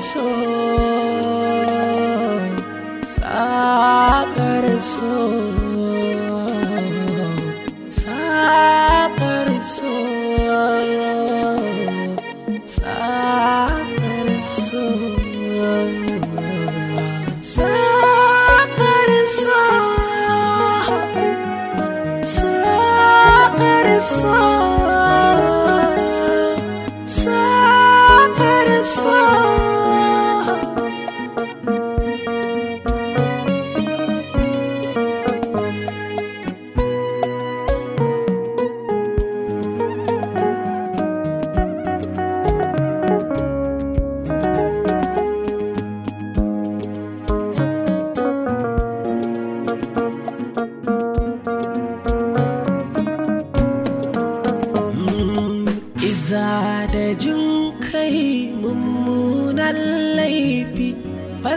so saƙar so saƙar so saƙar so saƙar so saƙar so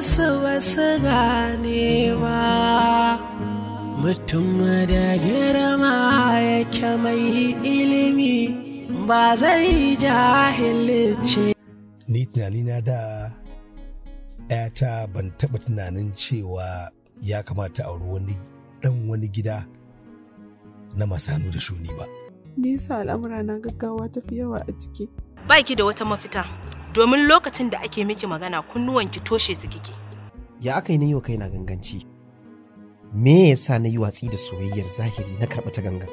wasu wasu ganewa mutum da girma yake mai ilimi ba zai jahilce ni tunanina da ‘yata ban taɓa tunanin cewa ya kamata auri wani ɗan wani gida na masanu da shuni ba. Nisa al'amura na gaggawa tafi yawa a ciki? Ba da wata mafita, domin lokacin da ake miki magana kunnuwan ki toshe su kike. Ya aka yi na yi wa kaina ganganci? Me yasa na yi watsi da soyayyar zahiri na karɓa ta ganga?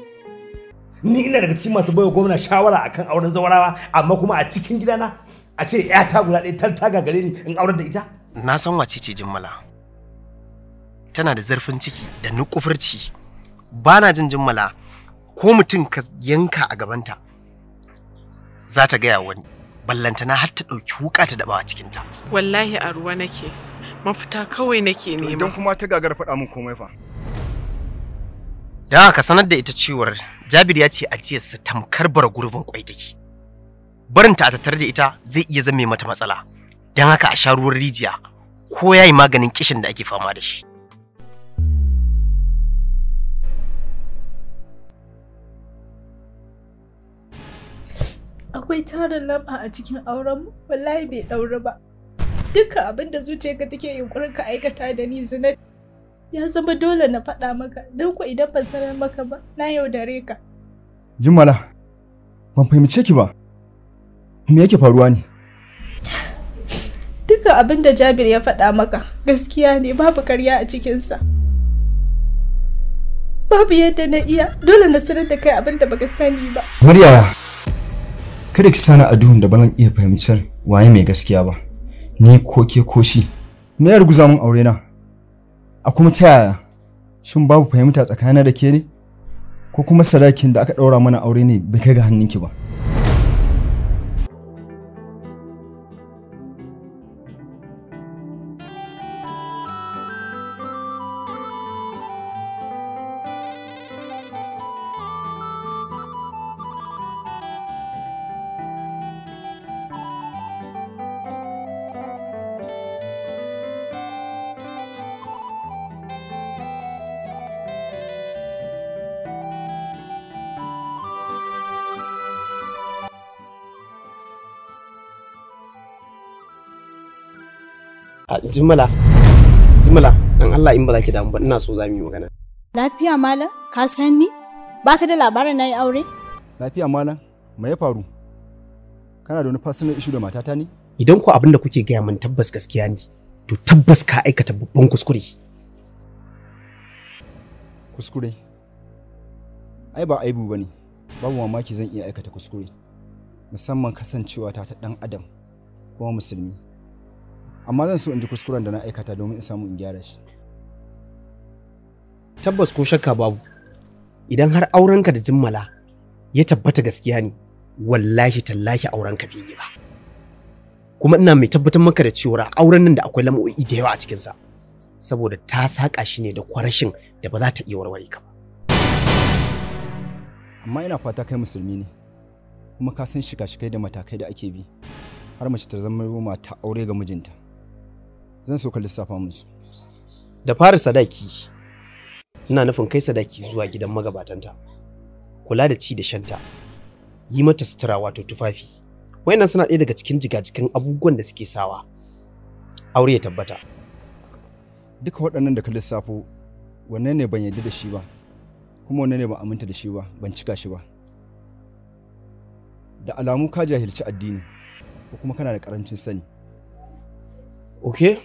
Ni ina daga cikin masu baiwa gwamna shawara akan auren zawarawa amma kuma a cikin gidana a ce ta guda ɗaya ta gare ni in aurar da ita? Na san wace ce jimmala. Tana da zarfin ciki da nukufurci. Ba na jin jimmala ko mutum ka yanka a gabanta za ta gaya wani. ballantana har ta ɗauki wuka ta daba a cikinta. Wallahi a ruwa nake, mafita kawai nake nema. Idan kuma ta gagara faɗa min komai fa. Da ka sanar da ita cewar Jabir ya ce ajiyarsa tamkar bar gurbin kwai take. Barinta a tattare da ita zai iya zame mata matsala. Don haka a sha ruwan rijiya ko ya yi maganin kishin da ake fama da shi. akwai tarin lamba a cikin aurenmu wallahi bai ɗauri ba dukkan abin da zuciyarka take yunkurin ka aikata da ni zina ya zama dole na faɗa maka don ku idan ban sanar maka ba na yaudare ka jimala ban fahimce ki ba me yake faruwa ne dukkan abin da jabir ya faɗa maka gaskiya ne babu karya a cikinsa babu yadda na iya dole na sanar da kai abin da baka sani ba muryaya kada ki sani a duhun da balan iya fahimtar waye mai gaskiya ba ni ko ke ko shi na yarguza min aure na a kuma ta yaya shin babu fahimta tsakanina da ke ne ko kuma sadakin da aka ɗaura mana aure ne bai kai ga hannunki ba jimala jimala dan Allah in ba za ki damu ba ina so za mu yi magana lafiya malam ka san ni ka da labarin nayi aure lafiya malam me ya faru kana da wani personal issue da matata ne idan ku abin da kuke gaya min tabbas gaskiya ne to tabbas ka aikata babban kuskure kuskure ai ba aibu ba ne babu mamaki zan iya aikata kuskure musamman kasancewa ta ta dan adam kuma musulmi amma zan so in ji kuskuren da na aikata domin in samu in gyara shi tabbas ko shakka babu idan har aurenka da jimmala ya tabbata gaskiya ne wallahi tallahi aurenka bai yi ba kuma ina mai tabbatar maka da cewa auren nan da akwai lamu'o'i da yawa a cikinsa saboda ta saƙa shi ne da kwarashin da ba za ta iya warware ka ba amma ina fata kai musulmi ne kuma ka san shika-shikai da matakai da ake bi har mace ta zama mata aure ga mijinta zan so ka lissafa musu da fara sadaki ina nufin kai sadaki zuwa gidan magabatanta kula da ci da shanta yi mata sutura wato tufafi wayannan suna ɗaya daga cikin jigajikan abubuwan da suke sawa aure ya tabbata duka waɗannan da ka lissafo wanne ne ban yarda da shi ba kuma wanne ne ban aminta da shi ba ban cika shi ba da alamu ka jahilci addini ko kuma kana da ƙarancin sani okay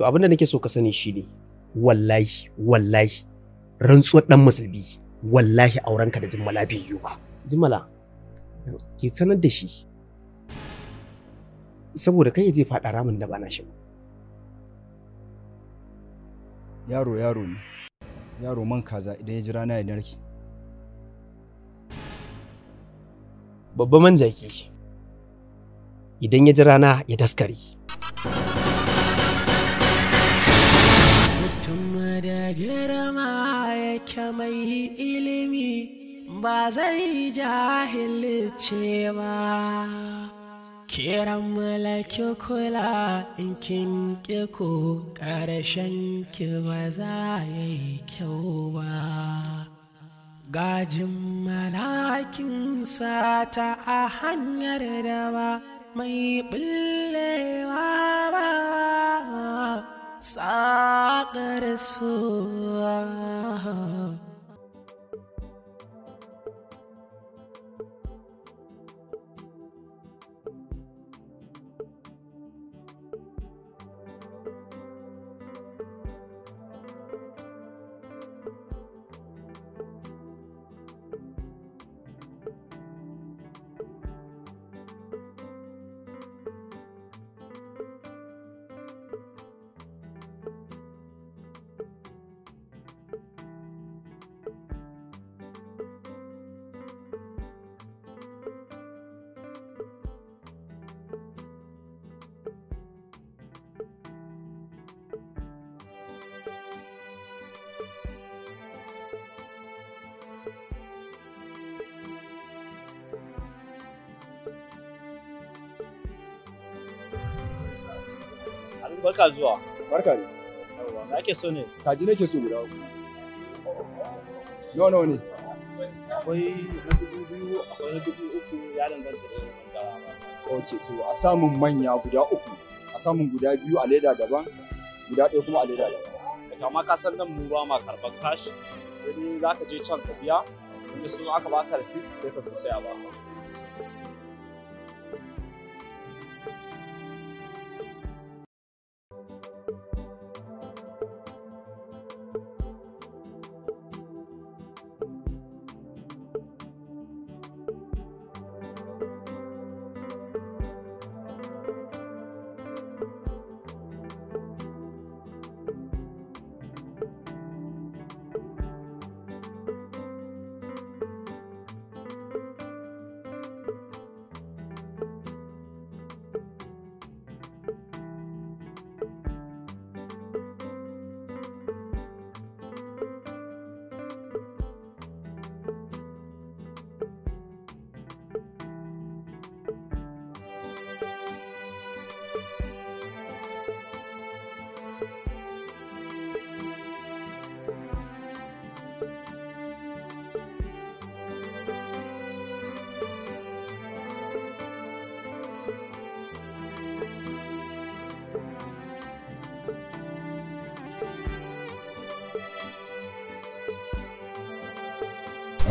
to abinda nake so ka sani shine wallahi wallahi rantsuwar dan musulmi wallahi aurenka da jimmala bai yiwu ba jimmala ke sanar da shi saboda kai je faɗa ramin da ba na shi yaro yaro ne yaro man kaza idan ya jira na ya narki babba man jaki idan ya ji rana ya daskare. girma girma yake mai ilimi ba zai jahilce ba kiran mulki kula in kin ko ƙarshen ki ba za ya yi kyau ba gajin malakin sata a hanyar da ba mai ɓullewa ba saƙar suwa Barka zuwa. Barka ne. Yawwa, ake so ne? Kaji nake so guda uku. Nawa nawa ne? Akwai na dubu biyu, akwai na dubu uku, ya danganta da yawan gawa. Ok, to a samun manya guda uku, a samun guda biyu a leda daban, guda ɗaya kuma a leda daban. Kama ka san nan mu ba ma karɓar kashi, sai dai za ka je can ka biya, in so aka ba ka sai ka zo sai a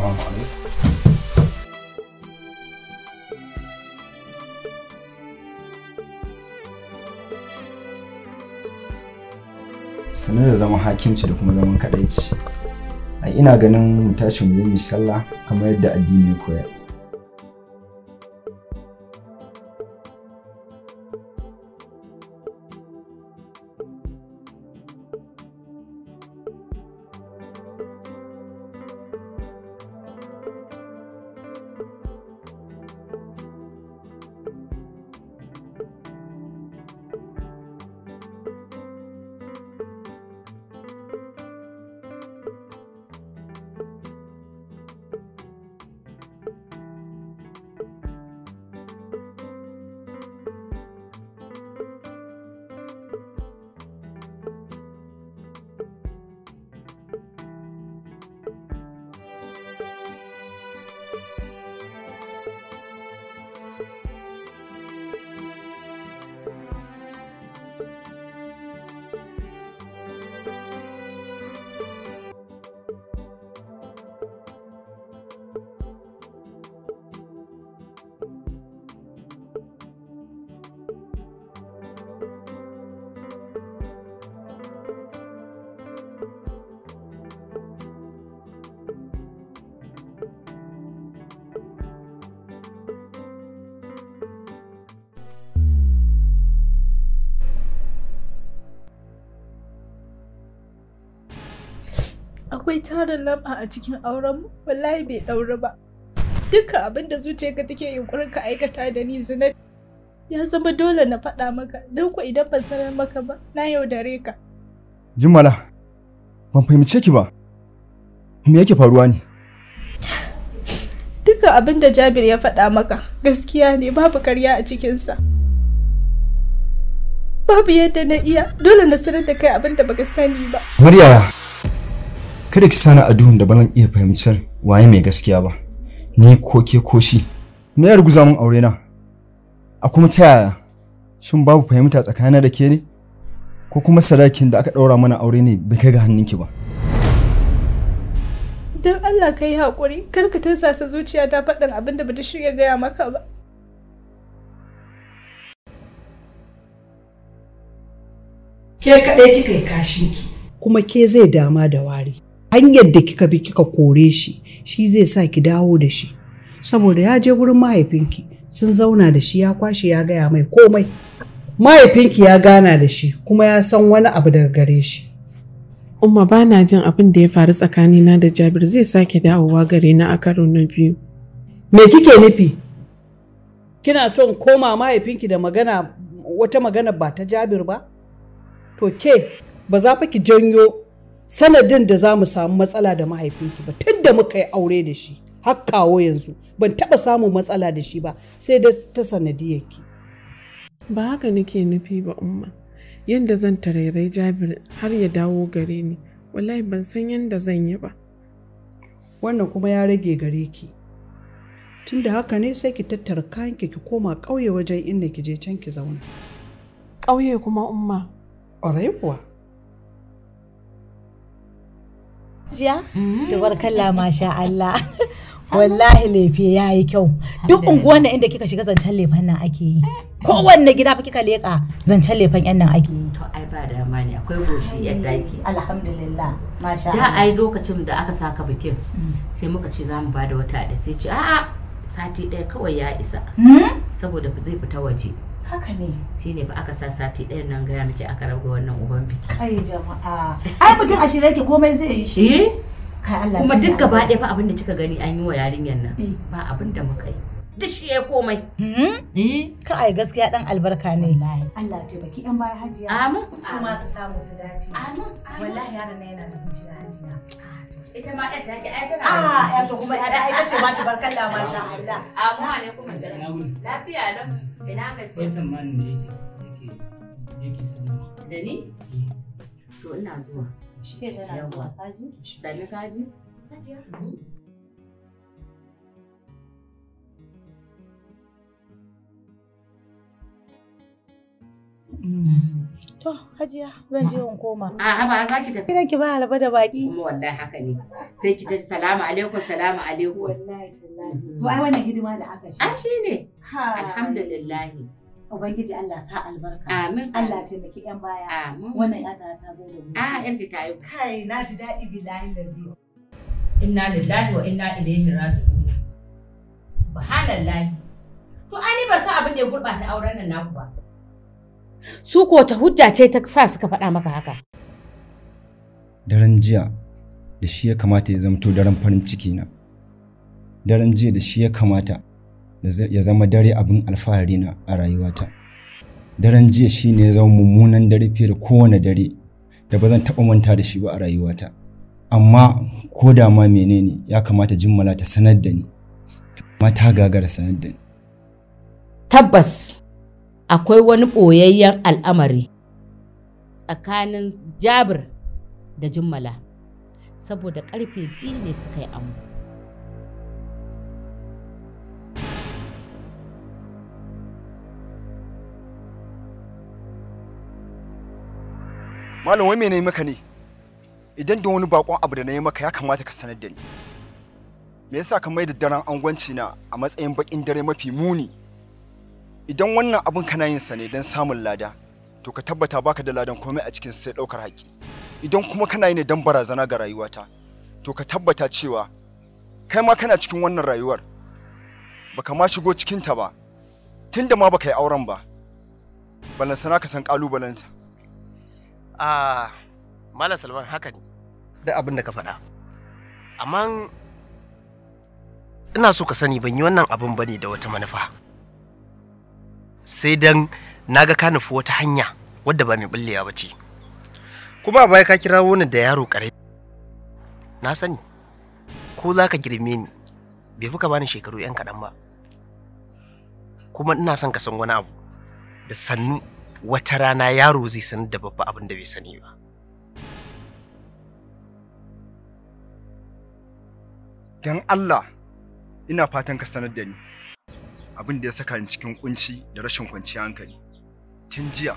السلام عليكم sanar da zaman hakimci da kuma zaman kadaici ina ganin mu tashi mu yi sallah kamar yadda addini ya koyar akwai tarin lamba a cikin aurenmu wallahi bai ɗauri ba duka abin da zuciyarka take yunkurin ka aikata da ni zina ya zama dole na faɗa maka don ku idan ban sanar maka ba na yaudare ka jimala ban fahimce ki ba me yake faruwa ne duka abin da jabir ya faɗa maka gaskiya ne babu karya a cikinsa babu yadda na iya dole na sanar da kai abin da baka sani ba muryaya kada ki sani a duhun da ba zan iya fahimtar waye mai gaskiya ba ni ko ke ko shi me ya ruguza mun aure na a kuma ta yaya shin babu fahimta tsakanina da ke ne ko kuma sadakin da aka ɗaura mana aure ne bai kai ga hannunki ba don Allah ka yi haƙuri kar ka tursasa zuciya ta faɗin abin da bata shirya gaya maka ba ke kaɗai kika yi kashinki kuma ke zai dama da wari hanyar da kika bi kika kore shi shi zai sa ki dawo da shi saboda ya je wurin mahaifinki sun zauna da shi ya kwashe ya gaya mai komai mahaifinki ya gana da shi kuma ya san wani abu daga gare shi umma ba na jin abin da ya faru tsakanina da jabir zai sake dawowa gare na a karo na biyu me kike nufi kina son koma mahaifinki da magana wata magana ba ta jabir ba to ke ba za fa ki janyo sanadin da za mu samu matsala da mahaifinki ba tun da muka yi aure da shi hakkawo yanzu ban taɓa samun matsala da shi ba sai da ta sanadiyarki. Ba haka nake nufi ba umma yadda zan tarairai Jabir har ya dawo gare ni wallahi ban san yadda zan yi ba. Wannan kuma ya rage gare ki. Tun da haka ne sai ki tattara kayanki ki koma ƙauye wajen inda ki je can ki zauna. Ƙauye kuma umma. Ƙwarai kuwa. jiya mm. tabarkalla masha Allah wallahi lefe ya yi kyau duk unguwan inda kika shiga zancen lefen nan ake yi mm. kowanne gida fa kika leka zancen lefen yan nan ake yi to ai ba dama ne akwai goshi yan daki alhamdulillah masha Allah da ai lokacin da aka saka bikin mm. sai muka ce za mu bada wata da sai ce a'a sati ɗaya kawai ya isa hmm? saboda zai fita waje haka ne shine ba aka sa sati ɗayan nan gaya ke aka rabu wannan uban biki kai jama'a ai mutum a shirye yake komai zai yi shi eh? kai Allah kuma duk gaba ɗaya ba abin da kika gani an yi wa yarinyar nan eh. ba abin da muka yi duk shi ya komai. Hmm? Eh? Ka ai gaskiya dan albarka ne. Allah ya baki yan baya hajiya. Amin. Su ma su samu su dace. Amin. Wallahi yaron na yana da zuciya hajiya. ita ma yadda take ai tana ah ya to kuma yadda ai tace ma tabarkalla masha Allah amma ah, alaikum assalam lafiya lam ina ga ce sai man ne yake yake sallama da ni eh. to ina zuwa ce tana zuwa kaji kaji kaji Mm. Mm. To, Hajiya, zan je in koma. A ba za ki tafi. Kiran ki ba halaba da baki. Kuma wallahi haka ne. Sai ki tafi salamu alaikum salamu alaikum. Wallahi wallahi. Mm. To ai wannan hidima da aka shi. A shi ne. Alhamdulillah. Ubangiji Allah sa albarka. Amin. Allah taimaki yan baya. Amin. Wannan ya ta zo da mu. A yan ta yi. Kai na ji daɗi bilahi da zai. Inna lillahi wa inna ilaihi raji'un. Subhanallahi. To ani ba sa abin da ya gurɓata auren nan naku ba. Su ko ta hujja ce ta sa suka faɗa maka haka. Daren jiya da shi ya kamata ya zamto daren farin ciki na. Daren jiya da shi ya kamata ya zama dare abin alfahari na a rayuwata. Daren jiya shi ne ya zama mummunan dare fiye da kowane dare da ba zan taɓa manta da shi ba a rayuwata. Amma ko da ma menene ya kamata jimmala ta sanar da ni. Ma ta gagara sanar da ni. Tabbas akwai wani ɓoyayyen al'amari tsakanin jabir da jummala saboda karfe biyu ne suka yi amu malam wai mene maka ne idan da wani bakon abu da na yi maka ya kamata ka sanar da ni me yasa ka mai da daren angwanci na a matsayin bakin dare mafi muni idan wannan abin kana yin sa ne don samun lada to ka tabbata baka da ladan komai a cikin sai ɗaukar haƙƙi idan kuma kana yi ne don barazana ga rayuwata to ka tabbata cewa kai ma kana cikin wannan rayuwar baka ma shigo cikinta ba tunda ma baka yi auren ba balansana ka san ƙalubalenta ah malam salman haka ne da abin da ka faɗa amma ina so ka sani ban yi wannan abin bane da wata manufa sai dan naga ka nufi wata hanya wadda ba mai bullewa ba ce kuma baya ka kirawo ni da yaro ƙarami na sani ko za ka girme ni bai fi ka bani shekaru yan kaɗan ba kuma ina son ka san wani abu da sannu wata rana yaro zai sanar da babba abin da bai sani ba don Allah ina fatan ka sanar da ni abin da ya saka ni cikin kunci da rashin kwanciyar hankali tun jiya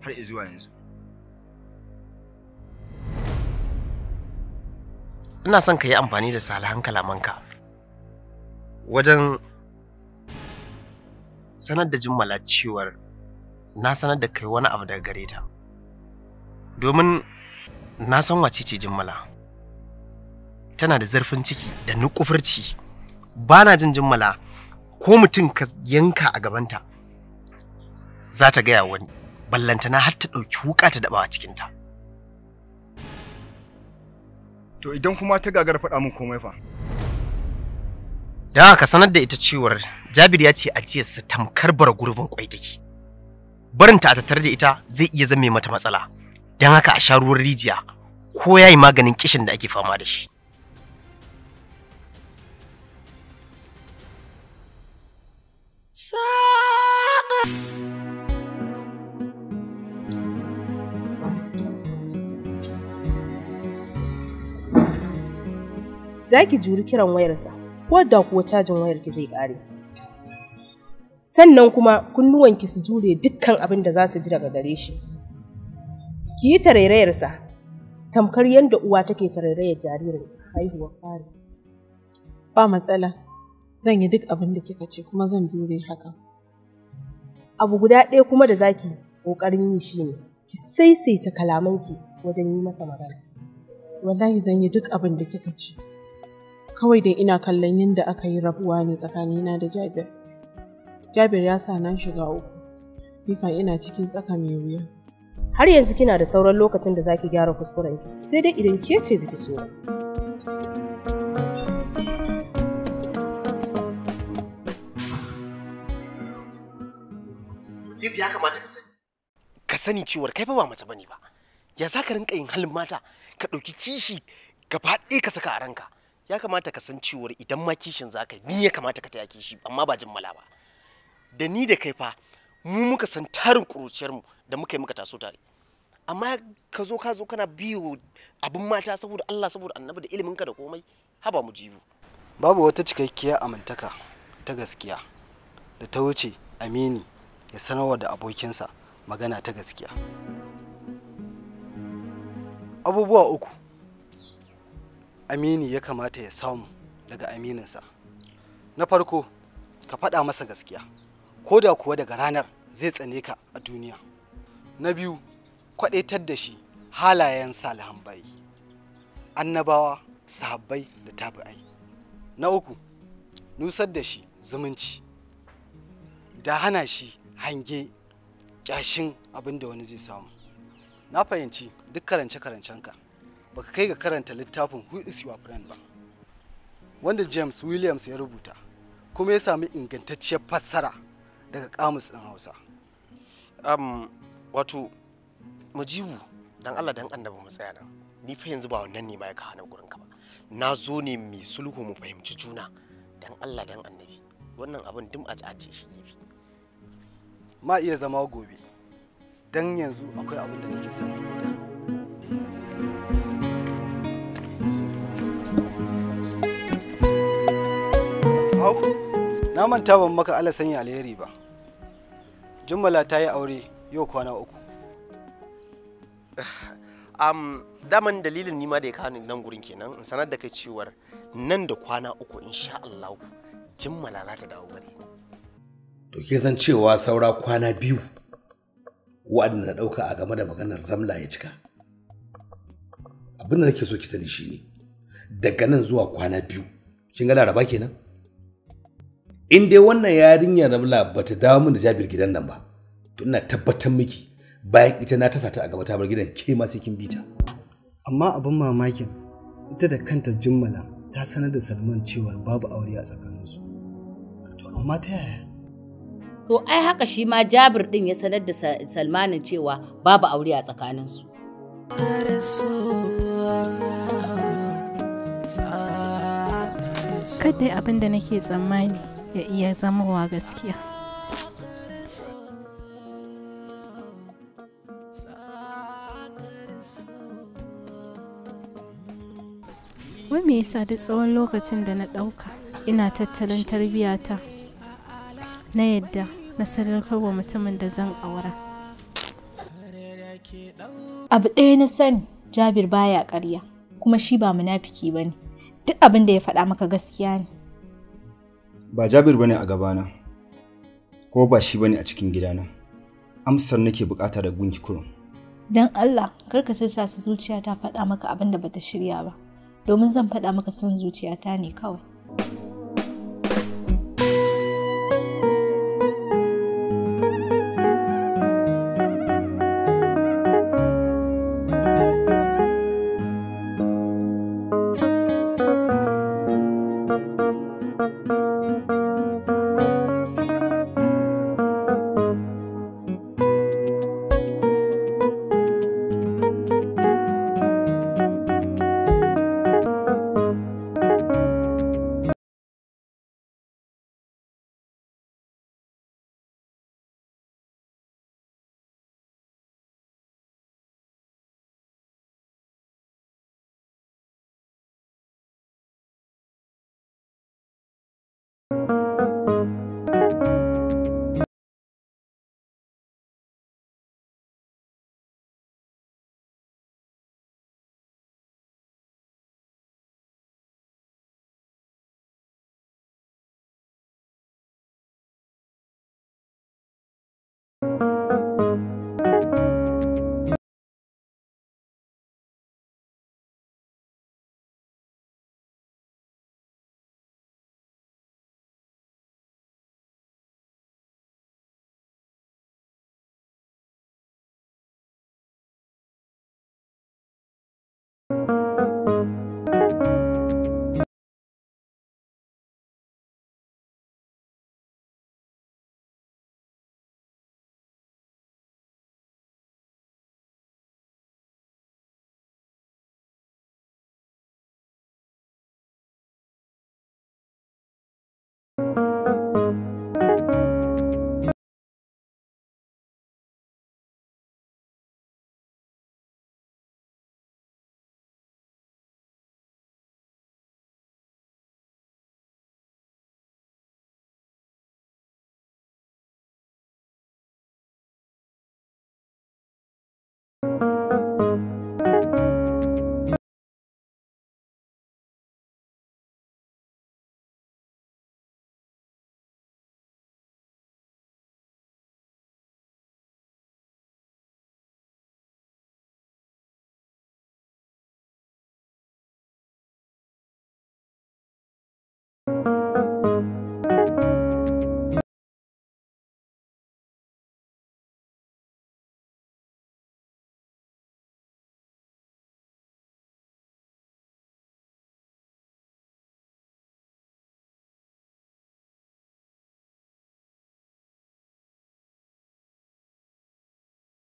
har zuwa yanzu ina son ka yi amfani da hankala manka. wajen sanar da jimmala cewar na sanar da kai wani abu daga gare ta domin na san wace ce jimmala tana da zarfin ciki da nukufurci ba na jin jimmala ko mutum ka yanka a gabanta za ta gaya wani ballantana har ta ɗauki wuka ta daɓawa cikinta to idan kuma ta gagar faɗa min komai fa da ka sanar da ita cewar jabir ya ce ajiyarsa tamkar bara gurbin kwai take barinta a tattare da ita zai iya zame mata matsala don haka a sha ruwan rijiya ko ya yi maganin kishin da ake fama da shi Za ki juri kiran wayarsa, ko da kuwa cajin wayarki zai ƙare. Sannan kuma kunnuwanki su jure dukkan abin da za su ji daga gare shi. Ki yi tarairayarsa, tamkar yadda uwa take tarairayar jaririn haihuwar fari. Ba matsala. zan yi duk abin da kika ce kuma zan jure hakan. Abu guda ɗaya kuma da zaki ƙoƙarin yi shi ne, ki saisaita kalamanki wajen yi masa magana. Wallahi zan yi duk abin da kika ce. Kawai dai ina kallon yadda aka yi rabuwa ne tsakanina da Jabir. Jabir ya sa nan shiga uku. nifa ina cikin tsaka mai wuya. Har yanzu kina da sauran lokacin da zaki gyara kuskurenki, sai dai idan ke ce biki so. Zip ya kamata ka sani. Ka sani cewar kai ba mace bane ba. Ya za ka rinka yin halin mata ka ɗauki kishi gaba ɗaya ka saka a ranka. Ya kamata ka san cewar idan ma kishin za ka yi ni ya kamata ka taya kishi amma ba mala ba. Da ni da kai fa mu muka san tarin ƙuruciyarmu da muka yi muka taso tare. Amma ka zo ka zo kana biyo abin mata saboda Allah saboda annabi da iliminka da komai haba mu jibu. Babu wata cikakkiyar amintaka ta gaskiya da ta wuce amini ya sanarwa da abokinsa magana ta gaskiya abubuwa uku amini ya kamata ya samu daga amininsa na farko ka faɗa masa gaskiya ko da kuwa daga ranar zai tsane ka a duniya na biyu kwaɗaitar da shi halayen salihan bayi annabawa sahabbai da tabi'ai na uku nusar da shi zumunci da hana shi hange kyashin abin da wani zai samu na fahimci duk karance-karancenka baka kai ga karanta littafin who is your friend ba wanda james williams ya rubuta kuma ya sami ingantacciyar fassara daga kamus ɗin hausa um, wato mujibu dan allah dan annabi mu tsaya nan ni fa yanzu ba wannan ne ma ya kawo gurin ka ba na zo ne mai sulhu mu fahimci juna dan allah dan annabi wannan abin dum a ce shi gefe ma iya zama gobe don yanzu akwai abin da nake son Hau, na manta ban maka ala sanya alheri ba. Jummala ta yi aure yau kwana uku. Da daman dalilin nima da ya kawo nan gurin kenan in sanar da kai cewar nan da kwana uku insha Allah Jummala za ta dawo gare to ke san cewa saura kwana biyu waɗanda na ɗauka a game da maganar ramla ya cika abin da nake so ki sani shine daga nan zuwa kwana biyu kin ga laraba kenan in dai wannan yarinyar ramla ba ta dawo min da jabir gidan nan ba to ina tabbatar miki bayan ita na tasa ta a gaba ta gidan ke ma sai kin bi ta amma abin mamakin ita da kanta jummala ta sanar da salman cewa babu aure a tsakaninsu to amma ta yaya to ai haka shi ma jabir din ya sanar da salmanin cewa babu aure a tsakaninsu kada abin da nake tsammani ya iya zamowa gaskiya wai me yasa duk tsawon lokacin da na ɗauka ina tattalin tarbiyyata na yadda na wa mutumin da zan aura abu ɗaya na sani jabir baya ƙarya kuma shi ba munafiki ba ne duk abin da ya faɗa maka gaskiya ne ba jabir ba ne a gabana ko ba shi ba ne a cikin gidana amsar nake bukata da gunki kurum don allah karka sa su zuciya ta faɗa maka abin da bata shirya ba domin zan faɗa maka son zuciyata ne kawai